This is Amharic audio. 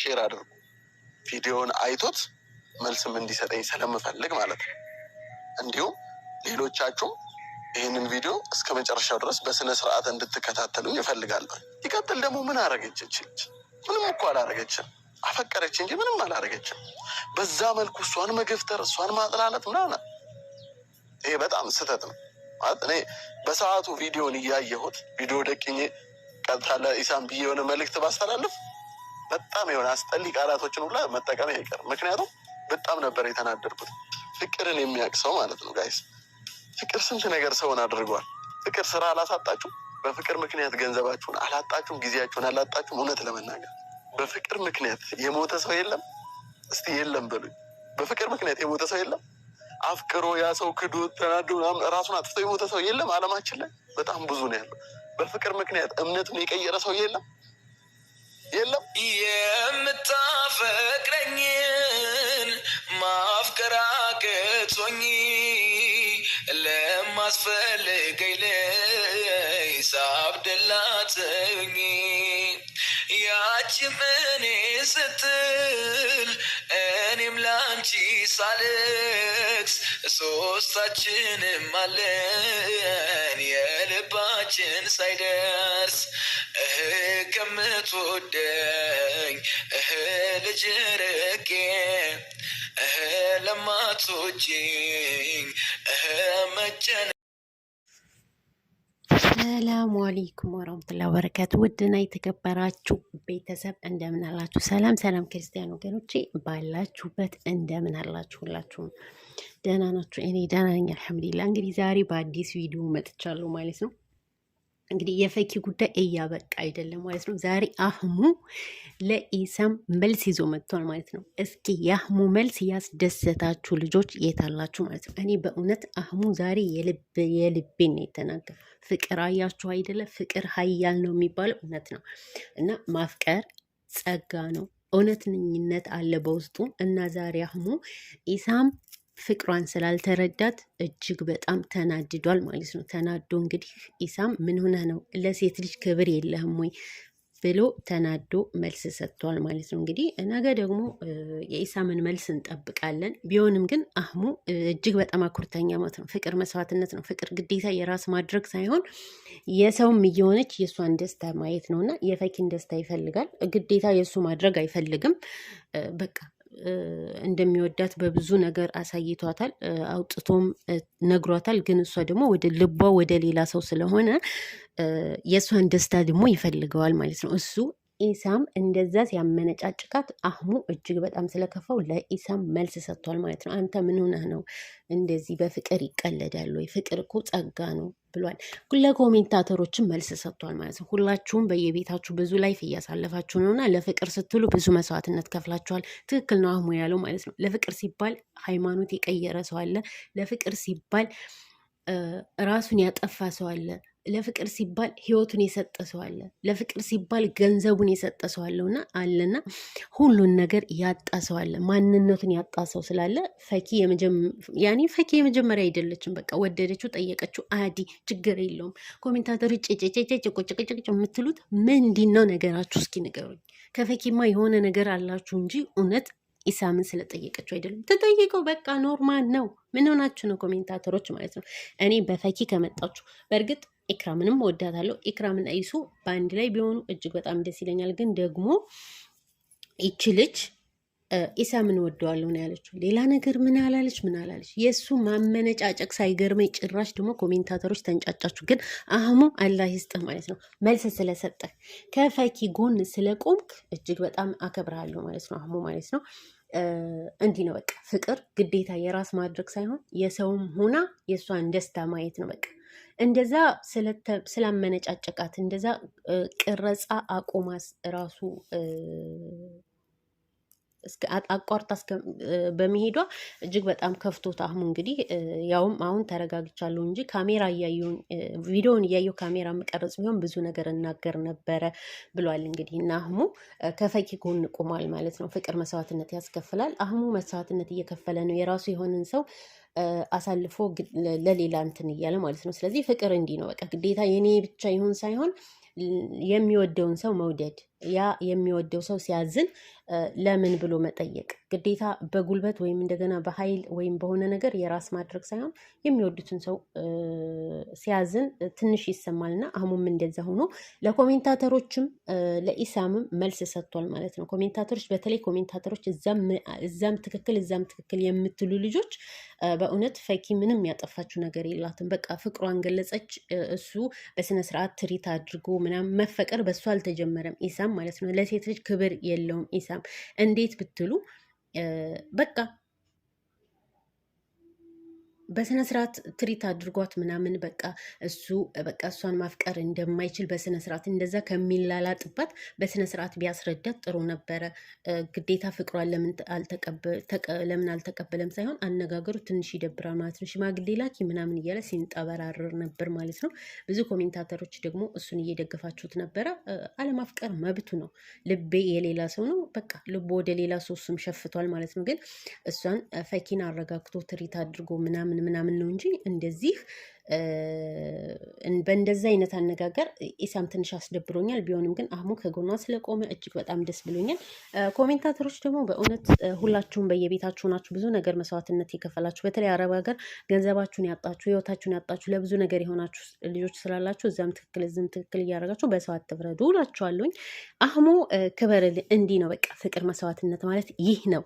ሼር አድርጉ። ቪዲዮውን አይቶት መልስም እንዲሰጠኝ ስለምፈልግ ማለት ነው። እንዲሁም ሌሎቻችሁም ይህንን ቪዲዮ እስከ መጨረሻው ድረስ በስነ ስርዓት እንድትከታተሉኝ ይፈልጋለሁ። ይቀጥል ደግሞ ምን አደረገች? ምንም እኮ አላረገችም። አፈቀረች እንጂ ምንም አላረገችም በዛ መልኩ እሷን መገፍተር፣ እሷን ማጥላለት ምናምን ይሄ በጣም ስህተት ነው ማለት እኔ በሰዓቱ ቪዲዮን እያየሁት ቪዲዮ ደቅኜ ቀጥታ ለኢሳም ብዬ የሆነ መልእክት ባስተላልፍ በጣም የሆነ አስጠሊ ቃላቶችን ሁላ መጠቀም አይቀርም። ምክንያቱም በጣም ነበር የተናደድኩት። ፍቅርን የሚያውቅ ሰው ማለት ነው ጋይስ። ፍቅር ስንት ነገር ሰውን አድርጓል። ፍቅር ስራ አላሳጣችሁም። በፍቅር ምክንያት ገንዘባችሁን አላጣችሁም፣ ጊዜያችሁን አላጣችሁም። እውነት ለመናገር በፍቅር ምክንያት የሞተ ሰው የለም። እስቲ የለም በሉኝ። በፍቅር ምክንያት የሞተ ሰው የለም። አፍቅሮ ያ ሰው ክዶ ተናዶ ራሱን አጥፍቶ የሞተ ሰው የለም። አለማችን ላይ በጣም ብዙ ነው ያለው። በፍቅር ምክንያት እምነቱን የቀየረ ሰው የለም። የለም የምታፈቅረኝን ማፍቀር አቅቶኝ ለማስፈልገኝ ለሂሳብ ደላትኝ ያቺ ምን ስትል እኔም ላንቺ ሳልክስ ሶስታችንም አለን የልባችን ሳይደርስ ከምትወደኝ እህ ልጅ ርቄ እህ ለማትወጂኝ እህ መጨነ ሰላሙ አሌይኩም ወረምቱላ በረከት ውድና የተከበራችሁ ቤተሰብ እንደምን አላችሁ? ሰላም ሰላም ክርስቲያን ወገኖቼ ባላችሁበት እንደምን አላችሁ? ሁላችሁም ደህና ናችሁ? እኔ ደህና ነኝ አልሐምዱሊላ። እንግዲህ ዛሬ በአዲስ ቪዲዮ መጥቻለሁ ማለት ነው። እንግዲህ የፈኪ ጉዳይ እያበቃ አይደለም ማለት ነው። ዛሬ አህሙ ለኢሳም መልስ ይዞ መጥቷል ማለት ነው። እስኪ የአህሙ መልስ ያስደሰታችሁ ልጆች የታላችሁ ማለት ነው። እኔ በእውነት አህሙ ዛሬ የልቤን ነው የተናገር። ፍቅር አያችሁ አይደለ? ፍቅር ሀያል ነው የሚባለው እውነት ነው እና ማፍቀር ጸጋ ነው። እውነተኝነት አለ በውስጡ እና ዛሬ አህሙ ኢሳም ፍቅሯን ስላልተረዳት እጅግ በጣም ተናድዷል ማለት ነው። ተናዶ እንግዲህ ኢሳም ምን ሆነ ነው ለሴት ልጅ ክብር የለህም ወይ ብሎ ተናዶ መልስ ሰጥቷል ማለት ነው። እንግዲህ ነገ ደግሞ የኢሳምን መልስ እንጠብቃለን። ቢሆንም ግን አህሙ እጅግ በጣም አኩርተኛ ማለት ነው። ፍቅር መስዋዕትነት ነው። ፍቅር ግዴታ የራስ ማድረግ ሳይሆን የሰውም እየሆነች የእሷን ደስታ ማየት ነው እና የፈኪን ደስታ ይፈልጋል። ግዴታ የእሱ ማድረግ አይፈልግም በቃ እንደሚወዳት በብዙ ነገር አሳይቷታል፣ አውጥቶም ነግሯታል። ግን እሷ ደግሞ ወደ ልቧ ወደ ሌላ ሰው ስለሆነ የእሷን ደስታ ደግሞ ይፈልገዋል ማለት ነው እሱ ኢሳም እንደዛ ሲያመነጫጭቃት አህሙ እጅግ በጣም ስለከፋው ለኢሳም መልስ ሰጥቷል ማለት ነው። አንተ ምን ሆነህ ነው እንደዚህ በፍቅር ይቀለዳል ወይ? ፍቅር እኮ ጸጋ ነው። ብሏል። ለኮሜንታተሮችም መልስ ሰጥቷል ማለት ነው። ሁላችሁም በየቤታችሁ ብዙ ላይፍ እያሳለፋችሁ ነው እና ለፍቅር ስትሉ ብዙ መስዋዕትነት ከፍላችኋል። ትክክል ነው አህሙ ያለው ማለት ነው። ለፍቅር ሲባል ሃይማኖት የቀየረ ሰው አለ። ለፍቅር ሲባል ራሱን ያጠፋ ሰው አለ። ለፍቅር ሲባል ህይወቱን የሰጠ ሰው አለ። ለፍቅር ሲባል ገንዘቡን የሰጠ ሰው አለውና አለና ሁሉን ነገር ያጣ ሰው አለ። ማንነቱን ያጣ ሰው ስላለ ፈኪ ያኔ ፈኪ የመጀመሪያ አይደለችም። በቃ ወደደችው፣ ጠየቀችው፣ አዲ ችግር የለውም። ኮሜንታተሮች ጭጭጭጭጭጭጭጭ የምትሉት ምንድን ነው ነገራችሁ? እስኪ ንገሩኝ። ከፈኪማ የሆነ ነገር አላችሁ እንጂ እውነት ኢሳምን ስለጠየቀችው አይደለም። ተጠይቀው በቃ ኖርማል ነው። ምን ሆናችሁ ነው ኮሜንታተሮች ማለት ነው። እኔ በፈኪ ከመጣችሁ በእርግጥ ኢክራምንም ወዳታለሁ። ኢክራምና ኢሱ በአንድ ላይ ቢሆኑ እጅግ በጣም ደስ ይለኛል። ግን ደግሞ ይቺ ልጅ ኢሳምን ወደዋለሁ ነው ያለችው። ሌላ ነገር ምን አላለች ምን አላለች። የእሱ ማመነጫጨቅ ሳይገርመኝ ጭራሽ ደግሞ ኮሜንታተሮች ተንጫጫችሁ። ግን አህሙ አላህ ይስጥህ ማለት ነው መልስ ስለሰጠህ ከፈኪ ጎን ስለቆምክ እጅግ በጣም አከብርሃለሁ ማለት ነው አህሙ ማለት ነው። እንዲህ ነው በቃ ፍቅር ግዴታ የራስ ማድረግ ሳይሆን የሰውም ሆና የእሷን ደስታ ማየት ነው በቃ እንደዛ ስላመነጫጨቃት እንደዛ ቅረጻ አቁማስ ራሱ አቋርጣ በመሄዷ እጅግ በጣም ከፍቶት አህሙ እንግዲህ ያውም አሁን ተረጋግቻለሁ እንጂ ካሜራ እያየውን ቪዲዮውን እያየው ካሜራ መቀረጽ ቢሆን ብዙ ነገር እናገር ነበረ ብሏል። እንግዲህ እና አህሙ ከፈኪ ጎን ቁሟል ማለት ነው። ፍቅር መስዋዕትነት ያስከፍላል። አህሙ መስዋዕትነት እየከፈለ ነው። የራሱ የሆነን ሰው አሳልፎ ለሌላ እንትን እያለ ማለት ነው። ስለዚህ ፍቅር እንዲህ ነው። በቃ ግዴታ የኔ ብቻ ይሁን ሳይሆን የሚወደውን ሰው መውደድ፣ ያ የሚወደው ሰው ሲያዝን ለምን ብሎ መጠየቅ፣ ግዴታ በጉልበት ወይም እንደገና በኃይል ወይም በሆነ ነገር የራስ ማድረግ ሳይሆን የሚወዱትን ሰው ሲያዝን ትንሽ ይሰማልና አህሙም እንደዛ ሆኖ ለኮሜንታተሮችም ለኢሳምም መልስ ሰጥቷል ማለት ነው። ኮሜንታተሮች በተለይ ኮሜንታተሮች እዛም ትክክል እዛም ትክክል የምትሉ ልጆች በእውነት ፈኪ ምንም ያጠፋችው ነገር የላትም። በቃ ፍቅሯን ገለጸች። እሱ በስነ ስርዓት ትሪት አድርጎ ምናምን መፈቀር በእሱ አልተጀመረም። ኢሳም ማለት ነው ለሴት ልጅ ክብር የለውም ኢሳም እንዴት ብትሉ በቃ በስነ ስርዓት ትሪት አድርጓት ምናምን በቃ እሱ በቃ እሷን ማፍቀር እንደማይችል በስነ ስርዓት እንደዛ ከሚላላጥባት በስነ ስርዓት ቢያስረዳት ጥሩ ነበረ። ግዴታ ፍቅሯን ለምን አልተቀበለም ሳይሆን አነጋገሩ ትንሽ ይደብራል ማለት ነው። ሽማግሌ ላኪ ምናምን እያለ ሲንጠበራርር ነበር ማለት ነው። ብዙ ኮሜንታተሮች ደግሞ እሱን እየደገፋችሁት ነበረ። አለማፍቀር መብቱ ነው። ልቤ የሌላ ሰው ነው፣ በቃ ልቦ ወደ ሌላ ሰው እሱም ሸፍቷል ማለት ነው። ግን እሷን ፈኪን አረጋግቶ ትሪት አድርጎ ምናምን ምናምን ነው እንጂ እንደዚህ በእንደዚ አይነት አነጋገር ኢሳም ትንሽ አስደብሮኛል። ቢሆንም ግን አህሙ ከጎኗ ስለቆመ እጅግ በጣም ደስ ብሎኛል። ኮሜንታተሮች ደግሞ በእውነት ሁላችሁም በየቤታችሁ ናችሁ፣ ብዙ ነገር መስዋዕትነት የከፈላችሁ በተለይ አረብ ሀገር ገንዘባችሁን ያጣችሁ፣ ህይወታችሁን ያጣችሁ፣ ለብዙ ነገር የሆናችሁ ልጆች ስላላችሁ እዚያም ትክክል እዚህም ትክክል እያደረጋችሁ በሰዋት ትፍረዱ እላችኋለሁኝ። አህሙ ክበርል እንዲህ ነው በቃ ፍቅር መስዋዕትነት ማለት ይህ ነው።